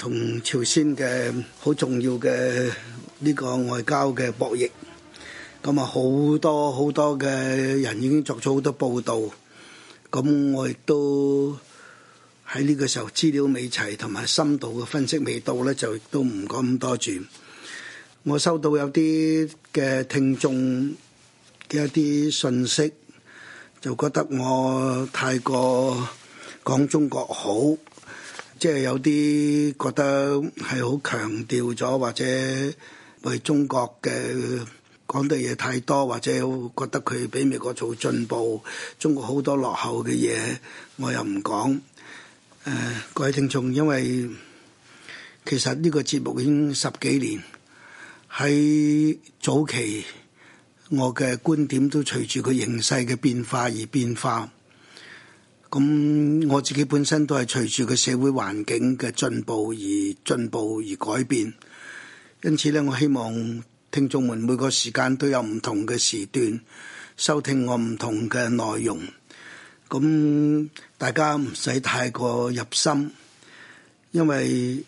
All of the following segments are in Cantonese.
同朝鮮嘅好重要嘅呢個外交嘅博弈，咁啊好多好多嘅人已經作咗好多報道，咁我亦都喺呢個時候資料未齊，同埋深度嘅分析未到呢，就都唔講咁多住。我收到有啲嘅聽眾嘅一啲信息，就覺得我太過講中國好。即係有啲覺得係好強調咗，或者為中國嘅講嘅嘢太多，或者覺得佢比美國做進步，中國好多落後嘅嘢，我又唔講。誒、呃，各位聽眾，因為其實呢個節目已經十幾年，喺早期我嘅觀點都隨住佢形勢嘅變化而變化。咁我自己本身都係隨住個社會環境嘅進步而進步而改變，因此呢，我希望聽眾們每個時間都有唔同嘅時段收聽我唔同嘅內容。咁大家唔使太過入心，因為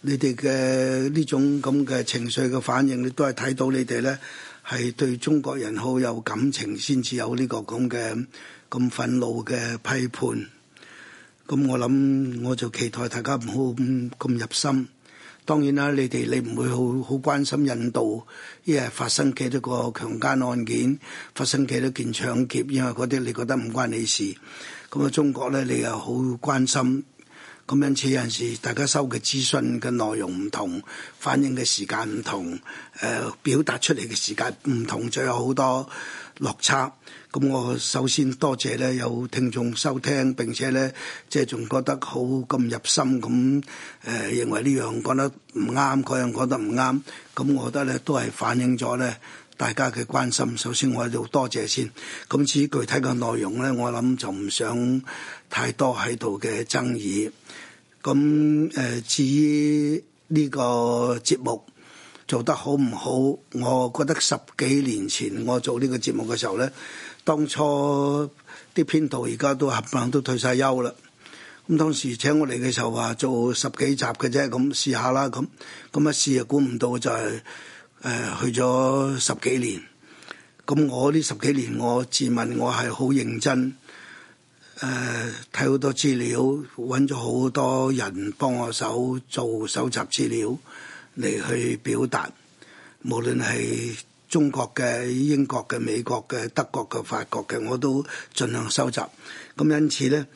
你哋嘅呢種咁嘅情緒嘅反應，你都係睇到你哋呢。係對中國人好有感情，先至有呢個咁嘅咁憤怒嘅批判。咁我諗，我就期待大家唔好咁咁入心。當然啦，你哋，你唔會好好關心印度，因為發生幾多個強奸案件，發生幾多件搶劫，因為嗰啲你覺得唔關你事。咁啊，中國咧，你又好關心。咁因此有陣時，大家收嘅資訊嘅內容唔同，反映嘅時間唔同，誒、呃、表達出嚟嘅時間唔同，就有好多落差。咁我首先多謝咧，有聽眾收聽，並且咧即係仲覺得好咁入心咁誒、呃，認為呢樣講得唔啱，嗰樣講得唔啱。咁我覺得咧，都係反映咗咧，大家嘅關心，首先我要多謝先。咁至於具體嘅內容咧，我諗就唔想太多喺度嘅爭議。咁誒，至於呢個節目做得好唔好，我覺得十幾年前我做呢個節目嘅時候咧，當初啲編導而家都冚唪都退晒休啦。咁當時請我嚟嘅時候話做十幾集嘅啫，咁試下啦。咁咁一試啊，估唔到就係、是。誒去咗十幾年，咁我呢十幾年我自問我係好認真，誒睇好多資料，揾咗好多人幫我手做搜集資料嚟去表達，無論係中國嘅、英國嘅、美國嘅、德國嘅、法國嘅，我都盡量收集。咁因此呢。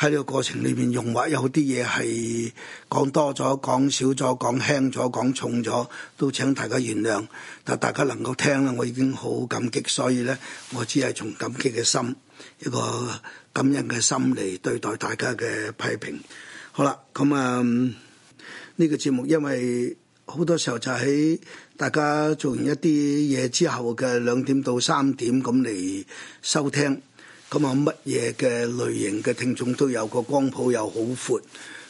喺呢個過程裏邊，融話有啲嘢係講多咗、講少咗、講輕咗、講重咗，都請大家原諒。但大家能夠聽咧，我已經好感激，所以咧，我只係從感激嘅心，一個感恩嘅心嚟對待大家嘅批評。好啦，咁啊，呢個節目因為好多時候就喺大家做完一啲嘢之後嘅兩點到三點咁嚟收聽。咁啊，乜嘢嘅類型嘅聽眾都有，個光譜又好闊。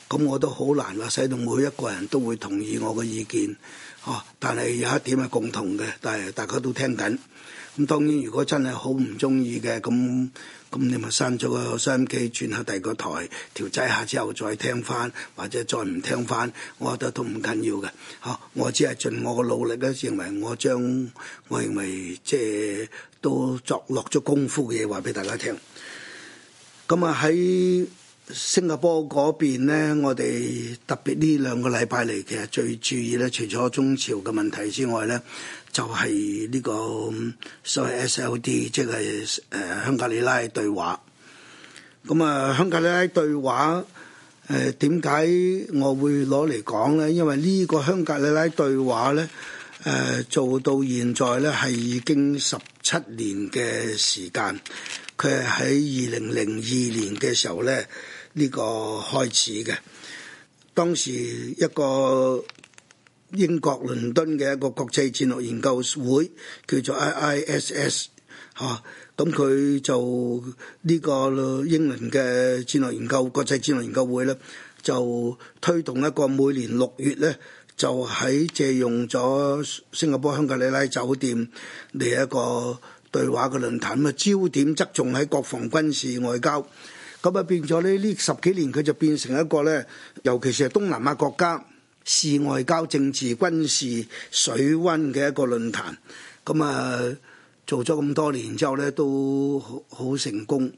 咁我都好難話，使到每一個人都會同意我嘅意見。但係有一點係共同嘅，但係大家都聽緊。咁當然，如果真係好唔中意嘅，咁咁你咪刪咗個收音機，轉下第二個台，調劑下之後再聽翻，或者再唔聽翻，我覺得都唔緊要嘅。嚇，我只係盡我嘅努力咧，認為我將，我認為即係都作落咗功夫嘅嘢話俾大家聽。咁啊喺新加坡嗰邊咧，我哋特別呢兩個禮拜嚟其實，最注意咧，除咗中朝嘅問題之外咧。就係呢個所謂 S.L.D，即係誒香格里拉對話。咁、呃、啊，香格里拉對話誒點解我會攞嚟講呢？因為呢個香格里拉對話呢，誒、呃、做到現在呢，係已經十七年嘅時間。佢係喺二零零二年嘅時候呢，呢個開始嘅，當時一個，英國倫敦嘅一個國際戰略研究會，叫做 IISS 吓、啊，咁佢就呢個英倫嘅戰略研究國際戰略研究會咧，就推動一個每年六月咧，就喺借用咗新加坡香格里拉酒店嚟一個對話嘅論壇，啊焦點側重喺國防、軍事、外交，咁啊變咗呢，呢十幾年佢就變成一個咧，尤其是係東南亞國家。是外交、政治、軍事、水溫嘅一個論壇，咁、嗯、啊做咗咁多年之後咧，都好好成功。咁、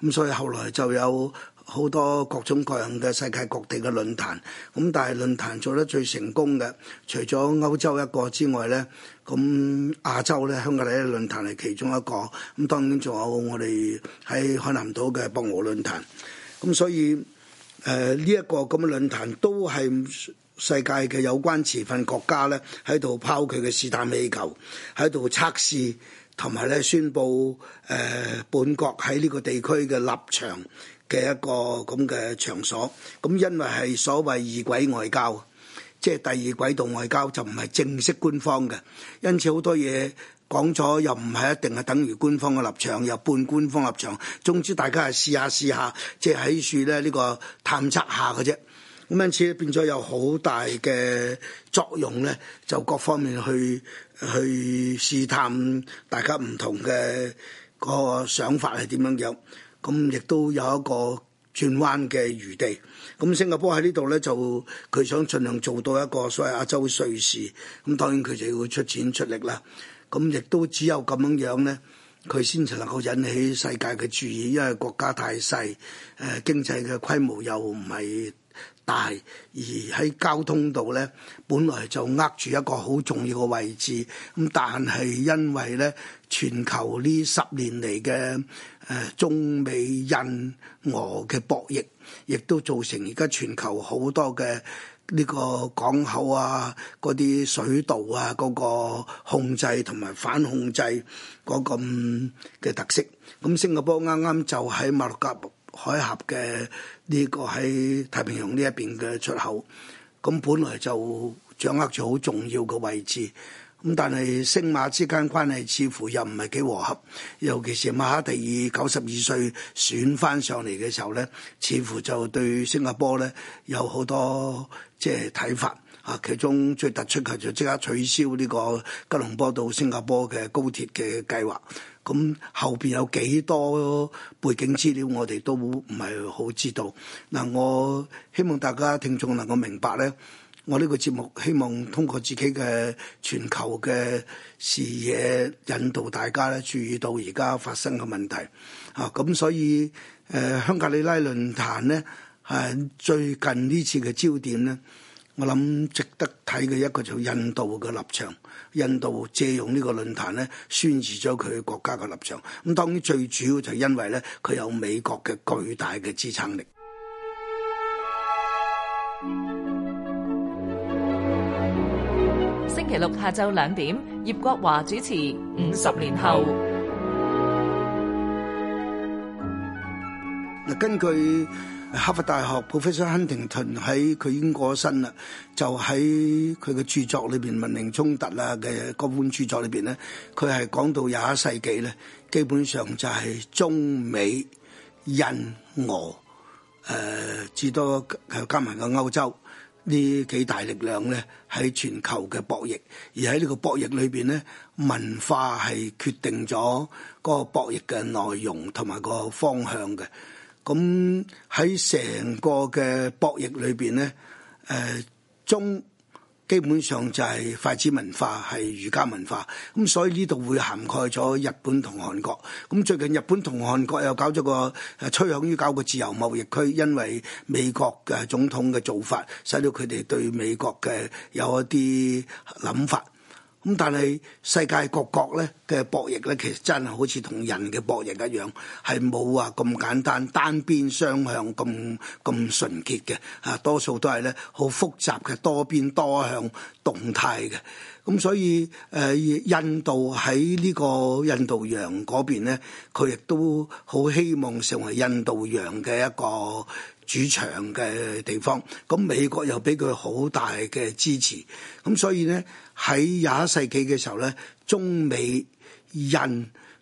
嗯、所以後來就有好多各種各樣嘅世界各地嘅論壇，咁、嗯、但係論壇做得最成功嘅，除咗歐洲一個之外咧，咁、嗯、亞洲咧香格里拉論壇係其中一個，咁、嗯、當然仲有我哋喺海南島嘅博鰲論壇，咁、嗯、所以誒呢一個咁嘅論壇都係。世界嘅有關持份國家咧，喺度拋佢嘅試探氣球，喺度測試，同埋咧宣布誒、呃、本國喺呢個地區嘅立場嘅一個咁嘅場所。咁、嗯、因為係所謂二軌外交，即係第二軌道外交，就唔係正式官方嘅。因此好多嘢講咗又唔係一定係等於官方嘅立場，又半官方立場。總之大家係試下試下，即係喺處咧呢、呢個探測下嘅啫。咁因此咧，變咗有好大嘅作用咧，就各方面去去試探大家唔同嘅個想法係點樣樣，咁亦都有一個轉彎嘅餘地。咁新加坡喺呢度咧，就佢想盡量做到一個所謂亞洲瑞士，咁當然佢就要出錢出力啦。咁亦都只有咁樣樣咧，佢先能夠引起世界嘅注意，因為國家太細，誒經濟嘅規模又唔係。大而喺交通度呢，本來就握住一個好重要嘅位置。咁但係因為呢，全球呢十年嚟嘅誒中美印俄嘅博弈，亦都造成而家全球好多嘅呢個港口啊、嗰啲水道啊、嗰、嗰個控制同埋反控制嗰、嗰個嘅、嗯、特色。咁新加坡啱啱就喺馬六甲海峽嘅呢個喺太平洋呢一邊嘅出口，咁本來就掌握住好重要嘅位置。咁但係星馬之間關係似乎又唔係幾和洽，尤其是馬哈蒂爾九十二歲選翻上嚟嘅時候呢，似乎就對新加坡呢有好多即係睇法。啊，其中最突出嘅就即刻取消呢個吉隆坡到新加坡嘅高鐵嘅計劃。咁後邊有幾多背景資料，我哋都唔係好知道。嗱，我希望大家聽眾能夠明白咧，我呢個節目希望通過自己嘅全球嘅視野，引導大家咧注意到而家發生嘅問題。啊，咁所以誒香格里拉論壇咧，係最近呢次嘅焦點咧。我諗值得睇嘅一個就係印度嘅立場，印度借用呢個論壇咧宣示咗佢國家嘅立場。咁當然最主要就係因為咧，佢有美國嘅巨大嘅支撐力。星期六下晝兩點，葉國華主持《五十年後》年後。嗱，根據。哈佛大學 Professor 亨廷頓喺佢已經過咗身啦，就喺佢嘅著作裏邊，文明衝突啊嘅嗰本著作裏邊咧，佢係講到廿一世紀咧，基本上就係中美、印俄誒至多加埋個歐洲呢幾大力量咧，喺全球嘅博弈，而喺呢個博弈裏邊咧，文化係決定咗嗰個博弈嘅內容同埋個方向嘅。咁喺成個嘅博弈裏邊咧，誒、呃、中基本上就係筷子文化，係儒家文化，咁所以呢度會涵蓋咗日本同韓國，咁最近日本同韓國又搞咗個趨向於搞個自由貿易區，因為美國嘅總統嘅做法，使到佢哋對美國嘅有一啲諗法。咁但係世界各國咧嘅博弈咧，其實真係好似同人嘅博弈一樣，係冇話咁簡單單邊雙向咁咁純潔嘅，啊多數都係咧好複雜嘅多邊多向動態嘅。咁所以誒印度喺呢個印度洋嗰邊咧，佢亦都好希望成為印度洋嘅一個主場嘅地方，咁美國又俾佢好大嘅支持，咁所以咧喺廿一世紀嘅時候咧，中美印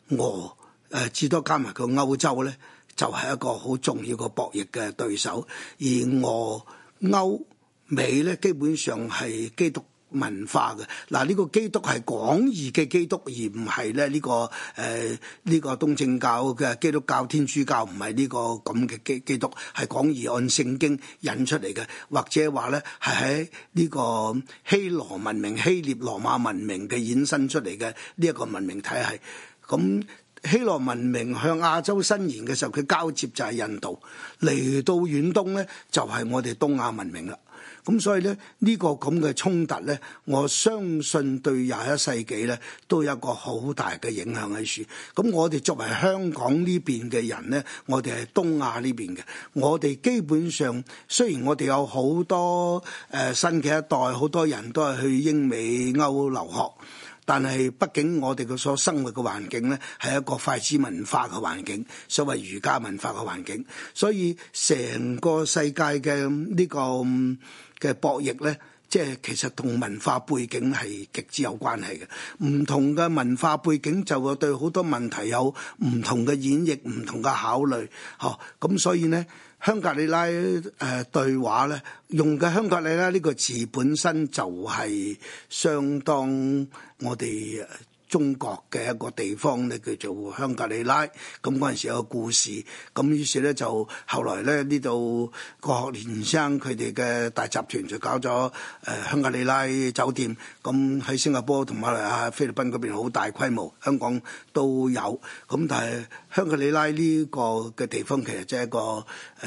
俄誒至、呃、多加埋個歐洲咧，就係、是、一個好重要嘅博弈嘅對手，而俄歐美咧基本上係基督。文化嘅嗱，呢、這個基督係廣義嘅基督，而唔係咧呢個誒呢、呃這個東正教嘅基督教、天主教這這，唔係呢個咁嘅基基督，係廣義按聖經引出嚟嘅，或者話咧係喺呢個希羅文明、希臘羅馬文明嘅衍生出嚟嘅呢一個文明體系，咁。希羅文明向亞洲伸延嘅時候，佢交接就係印度嚟到遠東咧，就係、是、我哋東亞文明啦。咁所以咧，呢、這個咁嘅衝突咧，我相信對廿一世紀咧都有一個好大嘅影響喺處。咁我哋作為香港邊呢邊嘅人咧，我哋係東亞呢邊嘅，我哋基本上雖然我哋有好多誒、呃、新嘅一代好多人都係去英美歐留學。但係，畢竟我哋嘅所生活嘅環境呢，係一個筷子文化嘅環境，所謂儒家文化嘅環境，所以成個世界嘅呢、呢個嘅博弈呢，即係其實同文化背景係極之有關係嘅。唔同嘅文化背景就會對好多問題有唔同嘅演繹、唔同嘅考慮，嗬，咁所以呢。香格里拉誒、呃、對話咧，用嘅香格里拉呢個字本身就係相當我哋。中國嘅一個地方咧，叫做香格里拉。咁嗰陣時有個故事，咁於是咧就後來咧呢度個郭鶴年生佢哋嘅大集團就搞咗誒香格里拉酒店。咁喺新加坡同埋啊菲律賓嗰邊好大規模，香港都有。咁但係香格里拉呢個嘅地方其實即係一個誒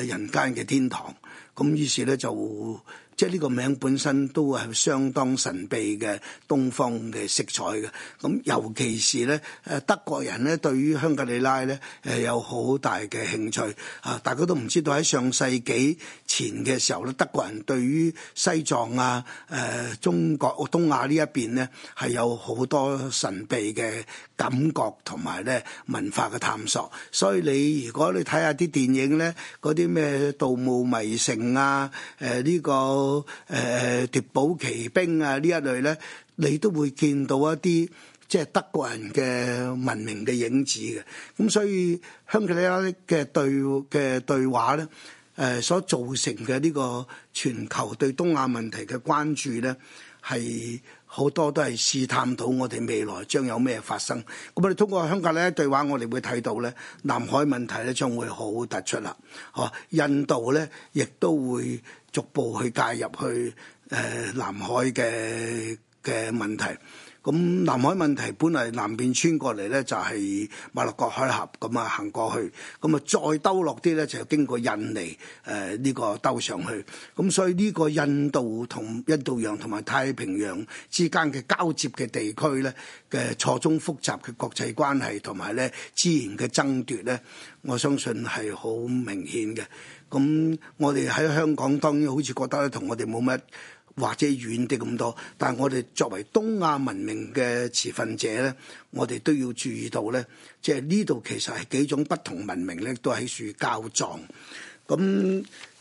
人間嘅天堂。咁於是咧就，即係呢個名本身都係相當神秘嘅東方嘅色彩嘅。咁尤其是咧，誒德國人咧對於香格里拉咧誒有好大嘅興趣。啊，大家都唔知道喺上世紀前嘅時候咧，德國人對於西藏啊、誒中國東亞呢一邊咧係有好多神秘嘅感覺同埋咧文化嘅探索。所以你如果你睇下啲電影咧，啲咩《盜墓迷城》。啊！誒呢個誒誒奪寶奇兵啊，呢一類咧，你都會見到一啲即係德國人嘅文明嘅影子嘅。咁所以香格里拉嘅對嘅對話咧，誒所造成嘅呢個全球對東亞問題嘅關注咧，係。好多都係試探到我哋未來將有咩發生，咁我哋通過香格里拉對話，我哋會睇到咧南海問題咧將會好突出啦，哦，印度咧亦都會逐步去介入去誒、呃、南海嘅嘅問題。咁南海問題本嚟南邊穿過嚟咧，就係馬六甲海峽咁啊行過去，咁啊再兜落啲咧，就經過印尼誒呢個兜上去。咁所以呢個印度同印度洋同埋太平洋之間嘅交接嘅地區咧嘅錯綜複雜嘅國際關係同埋咧資源嘅爭奪咧，我相信係好明顯嘅。咁我哋喺香港當然好似覺得咧，同我哋冇乜。或者遠啲咁多，但係我哋作為東亞文明嘅持份者咧，我哋都要注意到呢。即係呢度其實係幾種不同文明咧，都喺處交撞。咁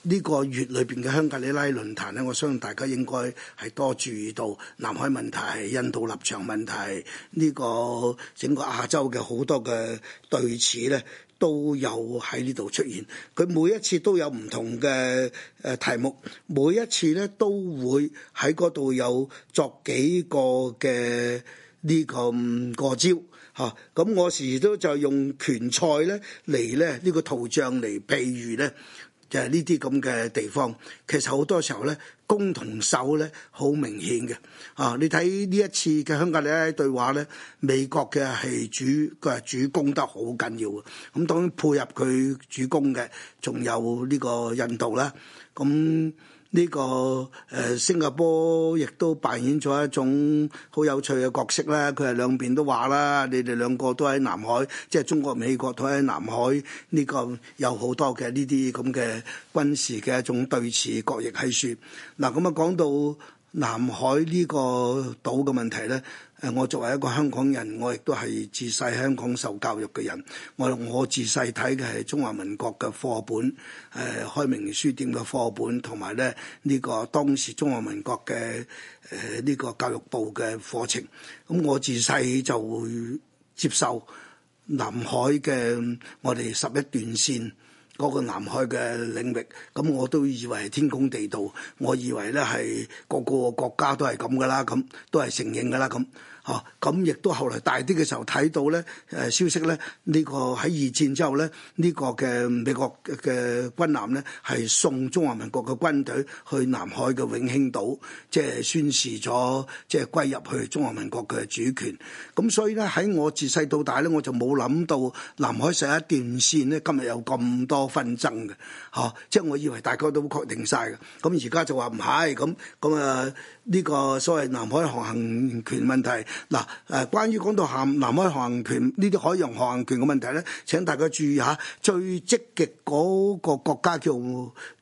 呢個月裏邊嘅香格里拉論壇咧，我相信大家應該係多注意到南海問題、印度立場問題呢、呢個整個亞洲嘅好多嘅對峙咧。都有喺呢度出現，佢每一次都有唔同嘅誒題目，每一次咧都會喺嗰度有作幾個嘅呢個過招嚇，咁、啊、我時時都就用拳賽咧嚟咧呢個圖像嚟，譬如咧。就係呢啲咁嘅地方，其實好多時候咧，攻同守咧好明顯嘅。啊，你睇呢一次嘅香格里拉對話咧，美國嘅係主嘅主攻得好緊要嘅。咁當然配合佢主攻嘅，仲有呢個印度啦。咁呢、這個誒、呃、新加坡亦都扮演咗一種好有趣嘅角色啦，佢係兩邊都話啦，你哋兩個都喺南海，即係中國、美國都喺南海呢、這個有好多嘅呢啲咁嘅軍事嘅一種對峙角力戲說。嗱，咁啊講到南海呢個島嘅問題咧。誒，我作為一個香港人，我亦都係自細香港受教育嘅人。我我自細睇嘅係中華民國嘅課本，誒、呃、開明書店嘅課本，同埋咧呢個當時中華民國嘅誒呢個教育部嘅課程。咁我自細就會接受南海嘅我哋十一段線。嗰個南海嘅領域，咁我都以為係天公地道，我以為咧係各個國家都係咁噶啦，咁都係承認噶啦咁。哦，咁亦都後來大啲嘅時候睇到咧，誒消息咧，呢個喺二戰之後咧，呢個嘅美國嘅軍艦呢，係送中華民國嘅軍隊去南海嘅永興島，即係宣示咗即係歸入去中華民國嘅主權。咁所以咧喺我自細到大咧，我就冇諗到南海十一段線呢，今日有咁多紛爭嘅，哦，即係我以為大家都確定晒嘅。咁而家就話唔係，咁咁啊，呢個所謂南海航行權問題。嗱，誒，關於講到南海航行權呢啲海洋航行權嘅問題咧，請大家注意下：最積極嗰個國家叫，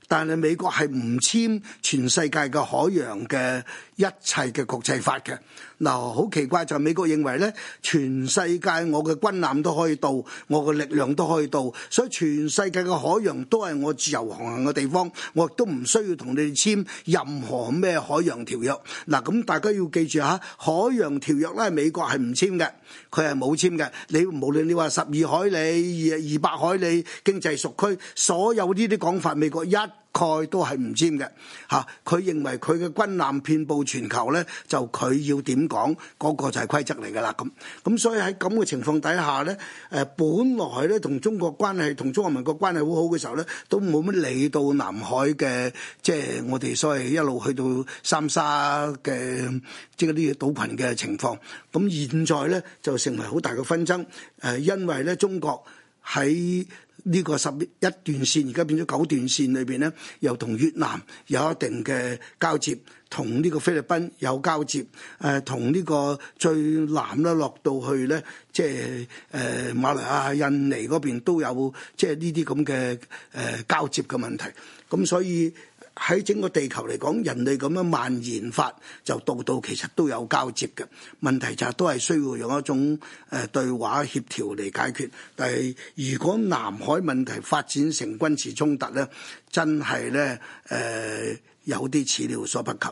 但係美國係唔簽全世界嘅海洋嘅一切嘅國際法嘅。嗱，好、嗯、奇怪就、美國認為咧，全世界我嘅軍艦都可以到，我嘅力量都可以到，所以全世界嘅海洋都係我自由航行嘅地方，我亦都唔需要同你哋簽任何咩海洋條約，嗱、嗯，咁、嗯、大家要記住吓、啊，海洋條約咧，美國係唔簽嘅，佢係冇簽嘅。你無論你話十二海里、二二百海里經濟屬區所有呢啲講法，美國一。概都係唔尖嘅，嚇、啊、佢認為佢嘅軍艦遍佈全球咧，就佢要點講，嗰、那個就係規則嚟㗎啦咁。咁所以喺咁嘅情況底下咧，誒、呃、本來咧同中國關係，同中華民國關係好好嘅時候咧，都冇乜理到南海嘅，即、就、係、是、我哋所謂一路去到三沙嘅，即係嗰啲島群嘅情況。咁現在咧就成為好大嘅紛爭，誒、呃，因為咧中國喺。呢個十一段線而家變咗九段線裏邊咧，又同越南有一定嘅交接，同呢個菲律賓有交接，誒、呃，同呢個最南咧落到去咧，即係誒、呃、馬來亞、印尼嗰邊都有，即係呢啲咁嘅誒交接嘅問題，咁所以。喺整個地球嚟講，人類咁樣蔓延發，就度度其實都有交接嘅問題，就係都係需要用一種誒對話協調嚟解決。但係如果南海問題發展成軍事衝突咧，真係咧誒有啲始料所不及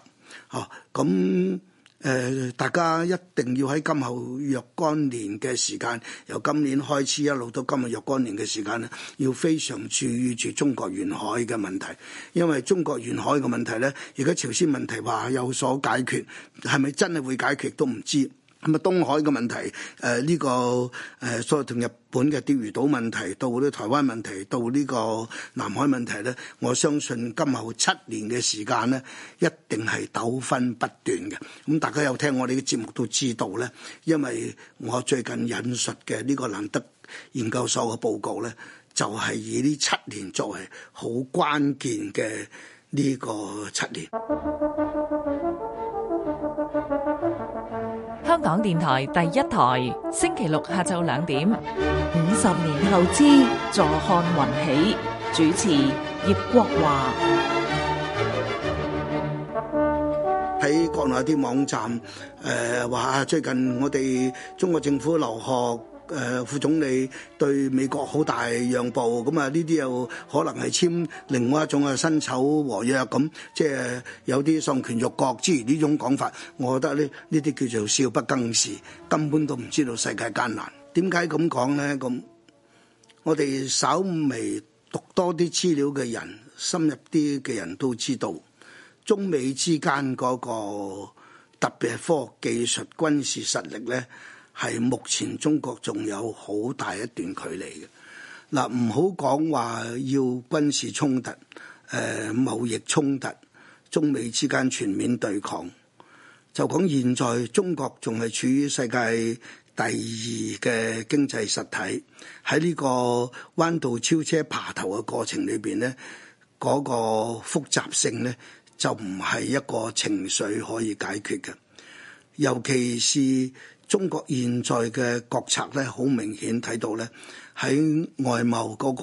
嚇咁。啊。誒，大家一定要喺今後若干年嘅時間，由今年開始一路到今日若干年嘅時間咧，要非常注意住中國沿海嘅問題，因為中國沿海嘅問題咧，而家朝鮮問題話有所解決，係咪真係會解決都唔知。咁啊，東海嘅問題誒呢、呃這個誒所再同日本嘅釣魚島問題到呢台灣問題到呢個南海問題咧，我相信今後七年嘅時間咧，一定係糾紛不斷嘅。咁、嗯、大家有聽我哋嘅節目都知道咧，因為我最近引述嘅呢個蘭德研究所嘅報告咧，就係、是、以呢七年作為好關鍵嘅呢個七年。港電台第一台，星期六下晝兩點，五十年後之坐看雲起。主持葉國華。喺國內啲網站，誒、呃、話最近我哋中國政府留學。誒副總理對美國好大讓步，咁啊呢啲又可能係簽另外一種嘅辛丑和約，咁即係有啲喪權辱國之餘呢種講法。我覺得呢，呢啲叫做少不更事，根本都唔知道世界艱難。點解咁講呢？咁我哋稍微讀多啲資料嘅人，深入啲嘅人都知道，中美之間嗰個特別係科學技術、軍事實力呢。係目前中國仲有好大一段距離嘅。嗱，唔好講話要軍事衝突、誒、呃、貿易衝突、中美之間全面對抗。就講現在中國仲係處於世界第二嘅經濟實體，喺呢個彎道超車爬頭嘅過程裏邊，呢嗰、那個複雜性呢，就唔係一個情緒可以解決嘅，尤其是。中國現在嘅國策咧，好明顯睇到咧，喺外貿嗰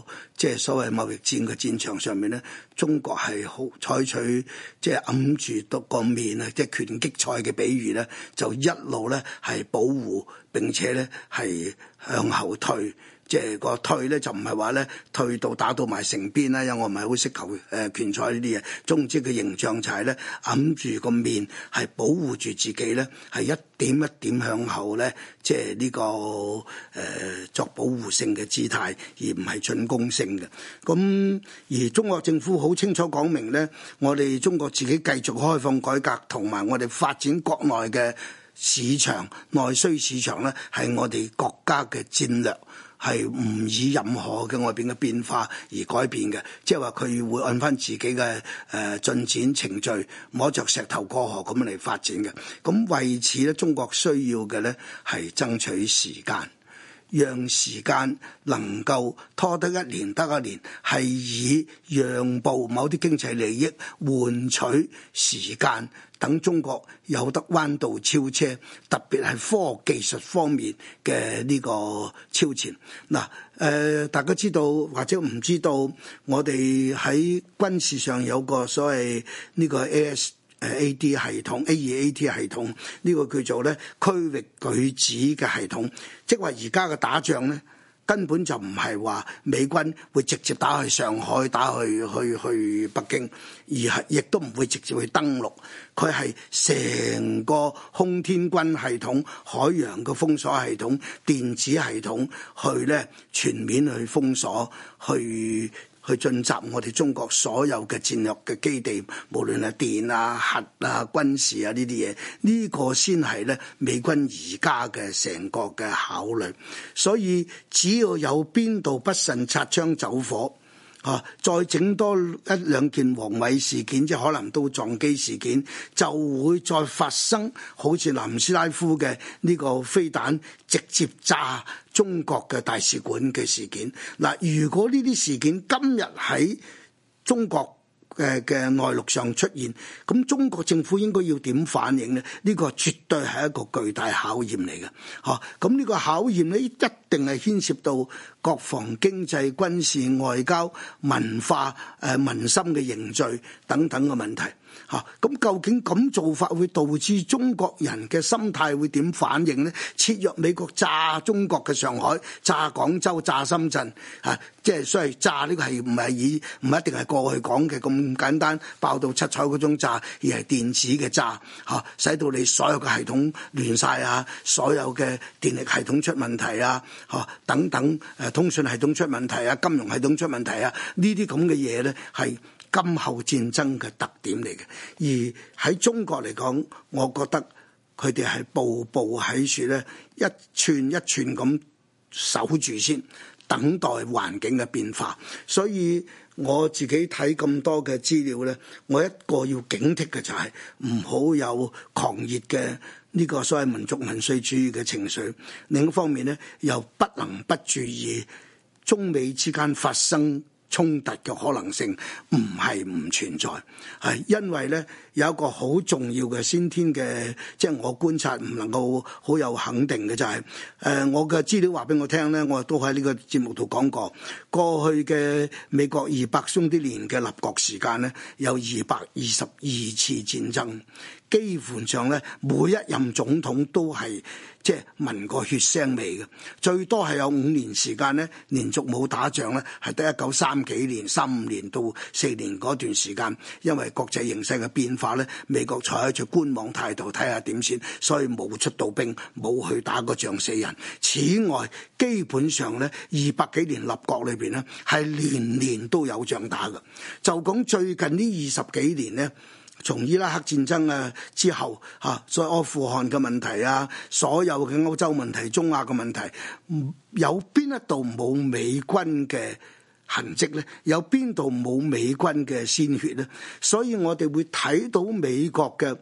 個即係所謂貿易戰嘅戰場上面咧，中國係好採取即係揞住個面啊，即係拳擊賽嘅比喻咧，就一路咧係保護並且咧係向後退。即係個退咧，就唔係話咧退到打到埋成邊啦。因為我唔係好識球誒拳賽呢啲嘢，總之嘅形象就係咧揞住個面，係保護住自己咧，係一點一點向後咧，即係呢、呢個誒、呃、作保護性嘅姿態，而唔係進攻性嘅。咁而中國政府好清楚講明咧，我哋中國自己繼續開放改革，同埋我哋發展國內嘅市場內需市場咧，係我哋國家嘅戰略。係唔以任何嘅外邊嘅變化而改變嘅，即係話佢會按翻自己嘅誒、呃、進展程序，摸着石頭過河咁嚟發展嘅。咁為此咧，中國需要嘅咧係爭取時間，讓時間能夠拖得一年得一年，係以讓步某啲經濟利益換取時間。等中國有得彎道超車，特別係科技術方面嘅呢個超前。嗱，誒、呃、大家知道或者唔知道，我哋喺軍事上有個所謂呢個 A S A D 系統，A 二 A D 系統呢、呢個叫做咧區域舉止嘅系統，即係話而家嘅打仗咧。根本就唔係話美軍會直接打去上海、打去去去北京，而係亦都唔會直接去登陸，佢係成個空天軍系統、海洋嘅封鎖系統、電子系統去咧全面去封鎖去。去進襲我哋中國所有嘅戰略嘅基地，無論係電啊、核啊、軍事啊呢啲嘢，呢、這個先係咧美軍而家嘅成個嘅考慮。所以只要有邊度不慎擦槍走火啊，再整多一兩件王偉事件，即可能都撞機事件，就會再發生好似南斯拉夫嘅呢個飛彈直接炸中國嘅大使館嘅事件，嗱，如果呢啲事件今日喺中國嘅嘅外陸上出現，咁中國政府應該要點反應呢？呢個絕對係一個巨大考驗嚟嘅，嚇！咁呢個考驗咧，一定係牽涉到國防、經濟、軍事、外交、文化、誒民心嘅凝聚等等嘅問題。吓，咁、嗯、究竟咁做法會導致中國人嘅心態會點反應呢？設若美國炸中國嘅上海、炸廣州、炸深圳，嚇、啊，即係雖然炸呢個係唔係以唔一定係過去講嘅咁簡單爆到七彩嗰種炸，而係電子嘅炸，嚇、啊，使到你所有嘅系統亂晒啊，所有嘅電力系統出問題啊，嚇，等等，誒、啊，通訊系統出問題啊，金融系統出問題啊，這這呢啲咁嘅嘢呢係。今後戰爭嘅特點嚟嘅，而喺中國嚟講，我覺得佢哋係步步喺處咧，一串一串咁守住先，等待環境嘅變化。所以我自己睇咁多嘅資料咧，我一個要警惕嘅就係唔好有狂熱嘅呢個所謂民族民粹主義嘅情緒。另一方面咧，又不能不注意中美之間發生。衝突嘅可能性唔係唔存在，係因為呢有一個好重要嘅先天嘅，即係我觀察唔能夠好有肯定嘅就係、是，誒、呃、我嘅資料話俾我聽呢，我都喺呢個節目度講過，過去嘅美國二百鬆啲年嘅立國時間呢，有二百二十二次戰爭。基本上咧，每一任總統都係即係聞個血腥味嘅，最多係有五年時間咧，連續冇打仗咧，係得一九三幾年三五年到四年嗰段時間，因為國際形勢嘅變化咧，美國採取觀望態度，睇下點先，所以冇出到兵，冇去打過仗死人。此外，基本上咧，二百幾年立國裏邊咧，係年年都有仗打嘅。就講最近呢二十幾年咧。從伊拉克戰爭啊之後，吓、啊、在阿富汗嘅問題啊，所有嘅歐洲問題、中亞嘅問題，有邊一度冇美軍嘅痕跡呢？有邊度冇美軍嘅鮮血呢？所以我哋會睇到美國嘅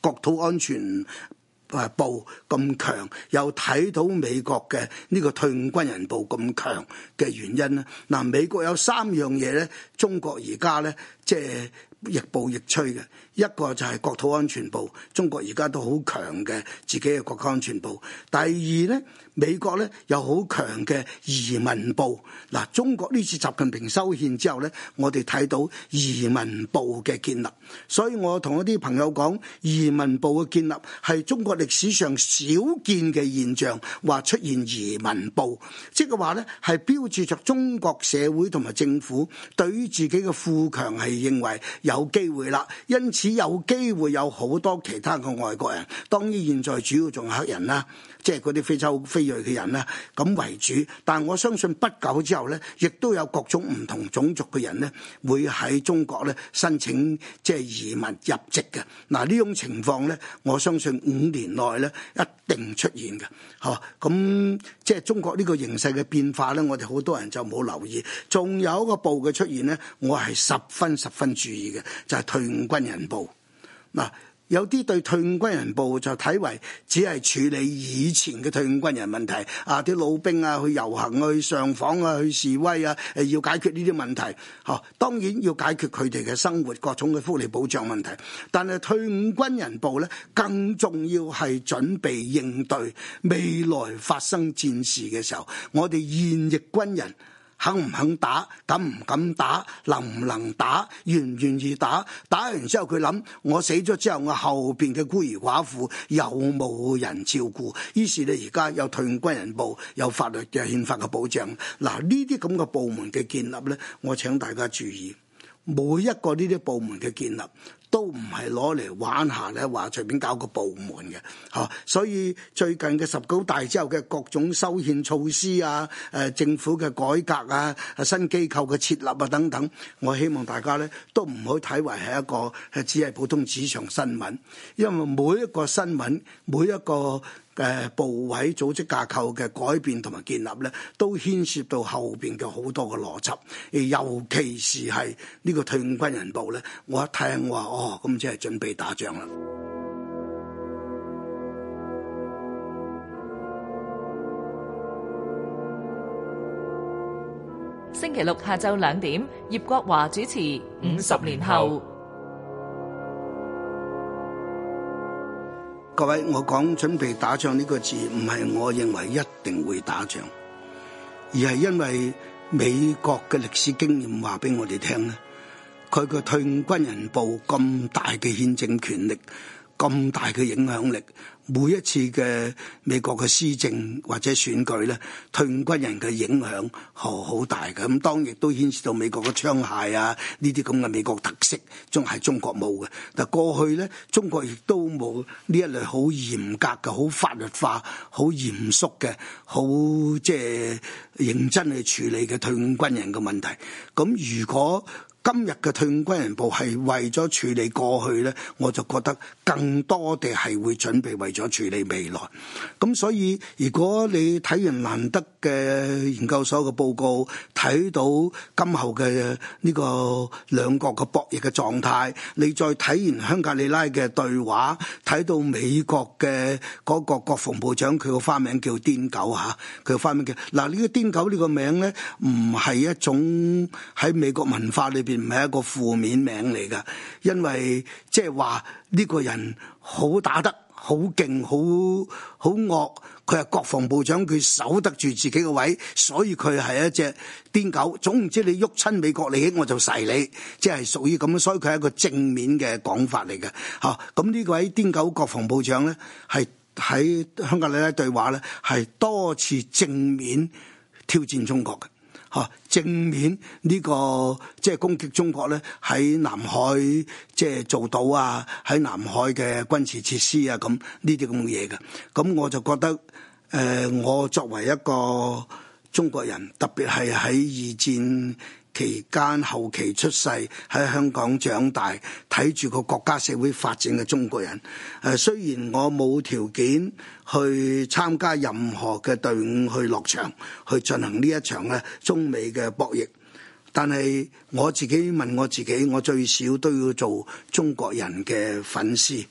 國土安全誒部咁強，又睇到美國嘅呢個退伍軍人部咁強嘅原因呢嗱、啊，美國有三樣嘢呢，中國而家呢，即係。亦步亦趨嘅。一個就係國土安全部，中國而家都好強嘅自己嘅國家安全部。第二咧，美國咧有好強嘅移民部。嗱，中國呢次習近平修憲之後咧，我哋睇到移民部嘅建立。所以我同一啲朋友講，移民部嘅建立係中國歷史上少見嘅現象，話出現移民部，即係話咧係標誌着中國社會同埋政府對於自己嘅富強係認為有機會啦，因此。只有機會有好多其他嘅外國人，當然現在主要仲係黑人啦，即係嗰啲非洲非裔嘅人啦，咁為主。但係我相信不久之後呢，亦都有各種唔同種族嘅人呢，會喺中國呢申請即係移民入籍嘅。嗱呢種情況呢，我相信五年內呢，一定出現嘅。嚇，咁即係中國呢個形勢嘅變化呢，我哋好多人就冇留意。仲有一個部嘅出現呢，我係十分十分注意嘅，就係、是、退伍軍人部。嗱、啊，有啲對退伍軍人部就睇為只係處理以前嘅退伍軍人問題，啊啲老兵啊去遊行啊、去上訪啊、去示威啊，啊要解決呢啲問題，嗬、啊，當然要解決佢哋嘅生活各種嘅福利保障問題。但係退伍軍人部咧，更重要係準備應對未來發生戰事嘅時候，我哋現役軍人。肯唔肯打，敢唔敢打，能唔能打，願唔願意打，打完之後佢諗，我死咗之後我後邊嘅孤兒寡婦有冇人照顧？於是你而家有退伍軍人部，有法律嘅憲法嘅保障，嗱呢啲咁嘅部門嘅建立咧，我請大家注意。每一個呢啲部門嘅建立，都唔係攞嚟玩下咧，話隨便搞個部門嘅，嚇！所以最近嘅十九大之後嘅各種修憲措施啊，誒、呃、政府嘅改革啊，新機構嘅設立啊等等，我希望大家咧都唔好睇為係一個只係普通市場新聞，因為每一個新聞每一個，誒部委組織架構嘅改變同埋建立咧，都牽涉到後邊嘅好多嘅邏輯，尤其是係呢個退伍軍人部咧，我一聽我話哦，咁即係準備打仗啦。星期六下晝兩點，葉國華主持《五十年後》。各位，我講準備打仗呢個字，唔係我認為一定會打仗，而係因為美國嘅歷史經驗話俾我哋聽咧，佢嘅退伍軍人部咁大嘅憲政權力。咁大嘅影響力，每一次嘅美國嘅施政或者選舉咧，退伍軍人嘅影響好、哦、大嘅。咁當然都牽涉到美國嘅槍械啊，呢啲咁嘅美國特色，仲係中國冇嘅。但過去咧，中國亦都冇呢一類好嚴格嘅、好法律化、好嚴肅嘅、好即係認真去處理嘅退伍軍人嘅問題。咁如果今日嘅退伍軍人部係為咗處理過去咧，我就覺得更多地係會準備為咗處理未來，咁所以如果你睇完蘭德嘅研究所嘅報告，睇到今後嘅呢個兩國嘅博弈嘅狀態，你再睇完香格里拉嘅對話，睇到美國嘅個國國防部長，佢個花名叫癲狗吓，佢個花名叫嗱，呢個癲狗呢個名咧，唔係一種喺美國文化裏邊。唔係一個負面名嚟噶，因為即係話呢個人好打得好勁，好好惡，佢係國防部長，佢守得住自己個位，所以佢係一隻癲狗。總唔知你喐親美國利益，我就噬你，即係屬於咁，所以佢係一個正面嘅講法嚟嘅。吓、啊，咁呢個位癲狗國防部長咧，係喺香格里拉對話咧，係多次正面挑戰中國嘅。啊、正面呢、呢個即係攻擊中國咧，喺南海即係造島啊，喺南海嘅軍事設施啊，咁呢啲咁嘅嘢嘅。咁我就覺得，誒、呃、我作為一個中國人，特別係喺二戰期間後期出世喺香港長大，睇住個國家社會發展嘅中國人。誒，雖然我冇條件去參加任何嘅隊伍去落場，去進行呢一場咧中美嘅博弈，但係我自己問我自己，我最少都要做中國人嘅粉絲，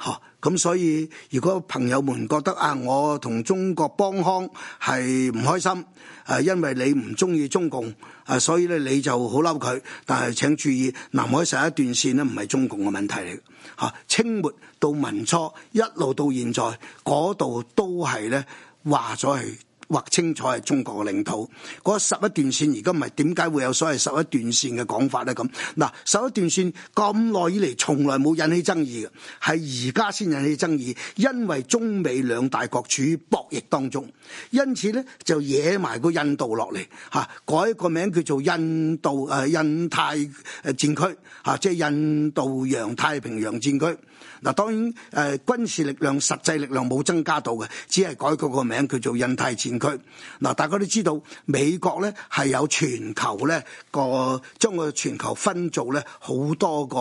吓。咁所以，如果朋友們覺得啊，我同中國幫腔係唔開心，啊，因為你唔中意中共，啊所以咧你就好嬲佢。但係請注意，南海十一段線咧唔係中共嘅問題嚟吓，啊，清末到民初一路到現在，嗰度都係咧話咗係。劃清楚係中國嘅領土，嗰十一段線而家唔係，點解會有所謂十一段線嘅講法咧？咁嗱，十一段線咁耐以嚟，從來冇引起爭議嘅，係而家先引起爭議，因為中美兩大國處於博弈當中，因此咧就惹埋個印度落嚟吓，改個名叫做印度誒印太誒戰區吓，即係印度洋太平洋戰區。嗱，當然誒、呃、軍事力量實際力量冇增加到嘅，只係改過個名叫做印太戰區。嗱、呃，大家都知道美國咧係有全球咧個將個全球分做咧好多個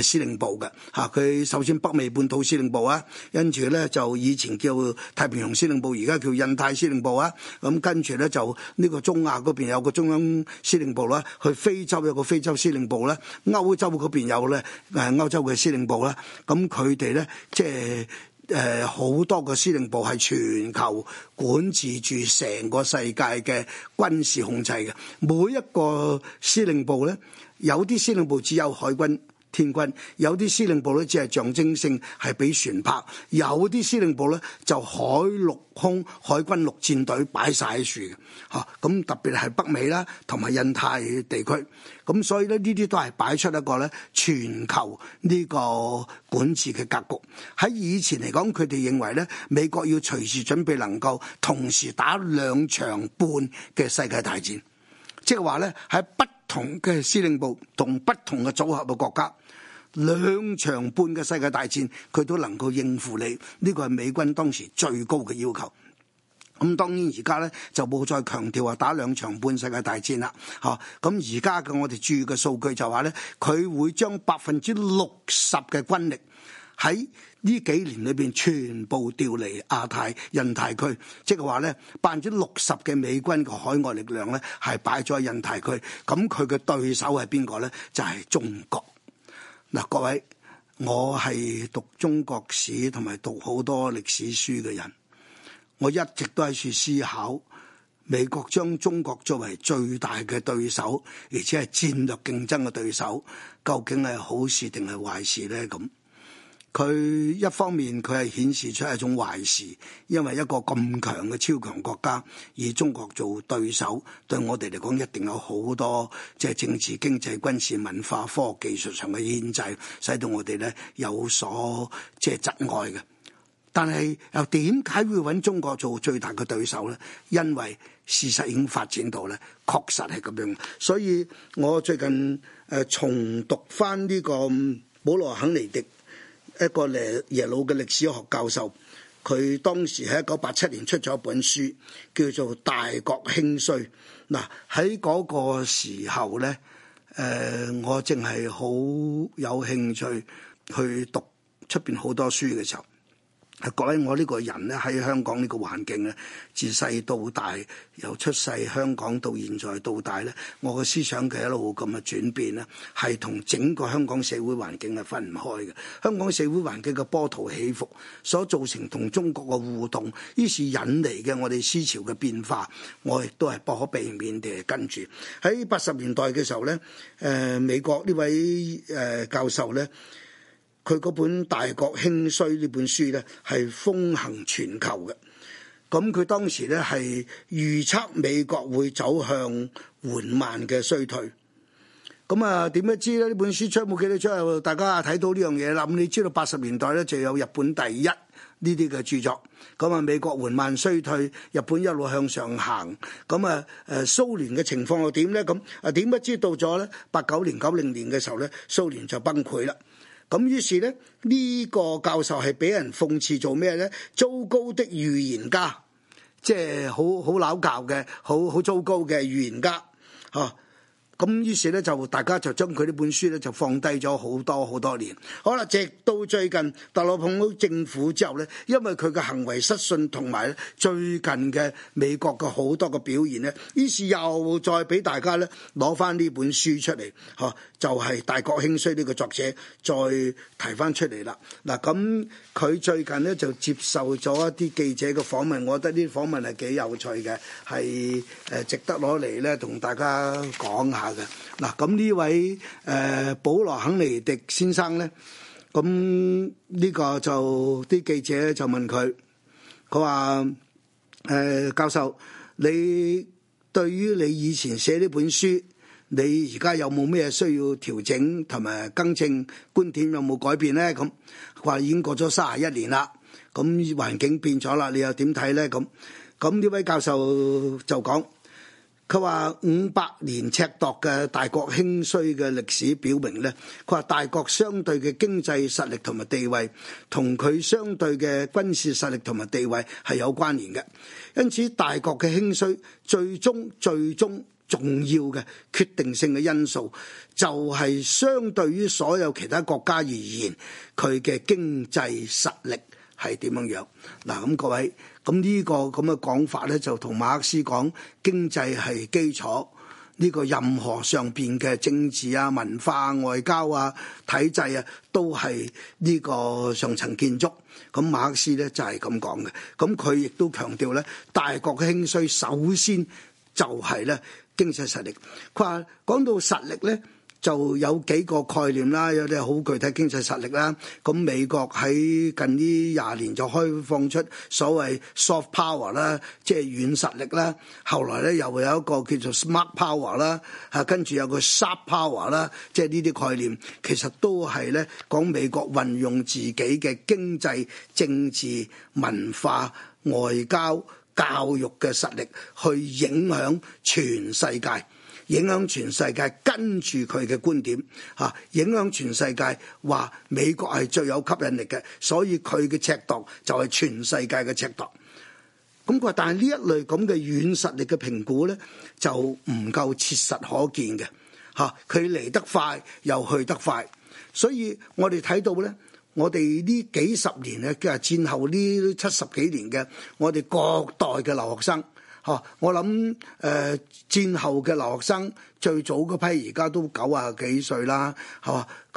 誒司令部嘅吓。佢首先北美半島司令部啊，跟住咧就以前叫太平洋司令部，而家叫印太司令部啊。咁跟住咧就呢個中亞邊有個中央司令部啦，去非洲有個非洲司令部啦，歐洲嗰邊有咧誒歐洲嘅司令部啦，咁、啊。佢哋咧，即係誒，好多個司令部係全球管治住成個世界嘅軍事控制嘅，每一個司令部咧，有啲司令部只有海軍。天軍。有啲司令部咧，只係象徵性，係俾船泊；有啲司令部咧，就海陸空、海軍陸戰隊擺晒喺樹嘅咁、啊、特別係北美啦，同埋印太地區。咁所以咧，呢啲都係擺出一個咧全球呢個管治嘅格局。喺以前嚟講，佢哋認為咧美國要隨時準備能夠同時打兩場半嘅世界大戰，即係話咧喺不同嘅司令部同不同嘅組合嘅國家。兩場半嘅世界大戰，佢都能夠應付你。呢個係美軍當時最高嘅要求。咁當然而家呢就冇再強調話打兩場半世界大戰啦。吓，咁而家嘅我哋注意嘅數據就話呢，佢會將百分之六十嘅軍力喺呢幾年裏邊全部調離亞太印太區，即係話呢，百分之六十嘅美軍嘅海外力量呢係擺咗喺印太區。咁佢嘅對手係邊個呢？就係中國。嗱，各位，我係讀中國史，同埋讀好多歷史書嘅人，我一直都喺處思考，美國將中國作為最大嘅對手，而且係戰略競爭嘅對手，究竟係好事定係壞事咧？咁。佢一方面佢係顯示出一種壞事，因為一個咁強嘅超強國家以中國做對手，對我哋嚟講一定有好多即係政治、經濟、軍事、文化、科學技術上嘅牽制，使到我哋咧有所即係窒礙嘅。但係又點解會揾中國做最大嘅對手咧？因為事實已經發展到咧，確實係咁樣，所以我最近誒重讀翻呢個保羅肯尼迪。一個咧耶魯嘅歷史學教授，佢當時喺一九八七年出咗一本書，叫做《大國興衰》。嗱喺個時候咧，誒、呃，我淨係好有興趣去讀出邊好多書嘅時候。各位，我呢個人咧，喺香港呢個環境咧，自細到大，由出世香港到現在到大咧，我嘅思想嘅一路咁嘅轉變咧，係同整個香港社會環境係分唔開嘅。香港社會環境嘅波濤起伏，所造成同中國嘅互動，於是引嚟嘅我哋思潮嘅變化，我亦都係不可避免地跟住。喺八十年代嘅時候呢，誒、呃、美國呢位誒、呃、教授咧。佢嗰本《大國興衰》呢本書呢，係風行全球嘅。咁佢當時呢，係預測美國會走向緩慢嘅衰退。咁啊，點不知呢？呢本書出冇記得出啊？大家睇到呢樣嘢啦。咁你知道八十年代呢，就有日本第一呢啲嘅著作。咁啊，美國緩慢衰退，日本一路向上行。咁啊，誒蘇聯嘅情況又點呢？咁啊，點不知到咗呢，八九年九零年嘅時候呢，蘇聯就崩潰啦。咁於是咧，呢、這個教授係俾人諷刺做咩咧？糟糕的預言家，即係好好撈教嘅，好好糟糕嘅預言家，嚇、啊。咁於是咧就大家就將佢呢本書咧就放低咗好多好多年，好啦，直到最近特朗普政府之後咧，因為佢嘅行為失信同埋最近嘅美國嘅好多個表現咧，於是又再俾大家咧攞翻呢本書出嚟，嚇就係、是、大國興衰呢個作者再提翻出嚟啦。嗱，咁佢最近咧就接受咗一啲記者嘅訪問，我覺得呢啲訪問係幾有趣嘅，係誒值得攞嚟咧同大家講下。嗱，咁呢位誒保羅肯尼迪先生呢，咁呢個就啲記者就問佢，佢話誒教授，你對於你以前寫呢本書，你而家有冇咩需要調整同埋更正，觀點有冇改變呢？咁話已經過咗卅一年啦，咁環境變咗啦，你又點睇呢？咁咁呢位教授就講。佢話五百年尺度嘅大國興衰嘅歷史表明，呢佢話大國相對嘅經濟實力同埋地位，同佢相對嘅軍事實力同埋地位係有關聯嘅。因此，大國嘅興衰最終最終重要嘅決定性嘅因素，就係相對於所有其他國家而言，佢嘅經濟實力係點樣樣嗱。咁各位。咁呢個咁嘅講法咧，就同馬克思講經濟係基礎，呢個任何上邊嘅政治啊、文化啊、外交啊、體制啊，都係呢個上層建築。咁馬克思咧就係咁講嘅。咁佢亦都強調咧，大國興衰首先就係咧經濟實力。佢話講到實力咧。就有幾個概念啦，有啲好具體經濟實力啦。咁美國喺近呢廿年就開放出所謂 soft power 啦，即係軟實力啦。後來咧又會有一個叫做 smart power 啦，嚇跟住有個 sharp power 啦，即係呢啲概念其實都係咧講美國運用自己嘅經濟、政治、文化、外交、教育嘅實力去影響全世界。影響全世界，跟住佢嘅觀點嚇、啊，影響全世界話美國係最有吸引力嘅，所以佢嘅尺度就係全世界嘅尺度。咁佢，但係呢一類咁嘅軟實力嘅評估呢，就唔夠切實可見嘅嚇。佢、啊、嚟得快又去得快，所以我哋睇到呢，我哋呢幾十年咧，即係戰後呢七十幾年嘅，我哋各代嘅留學生。嚇！我諗誒戰後嘅留學生最早嗰批而家都九啊幾歲啦，嚇、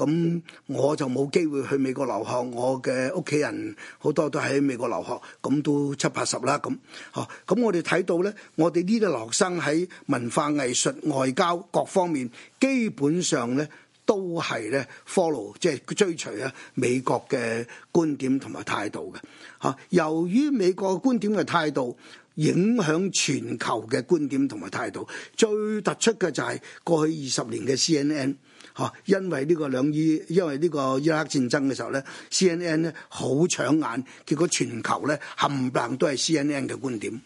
嗯！咁我就冇機會去美國留學，我嘅屋企人好多都喺美國留學，咁、嗯、都七八十啦咁。嚇、嗯！咁我哋睇到咧，我哋呢啲留學生喺文化藝術、外交各方面，基本上咧都係咧 follow 即係追隨啊美國嘅觀點同埋態度嘅嚇、嗯。由於美國嘅觀點嘅態度。嗯影響全球嘅觀點同埋態度，最突出嘅就係過去二十年嘅 CNN，嚇，因為呢個兩伊，因為呢個伊拉克戰爭嘅時候咧，CNN 咧好搶眼，結果全球咧冚唪唥都係 CNN 嘅觀點。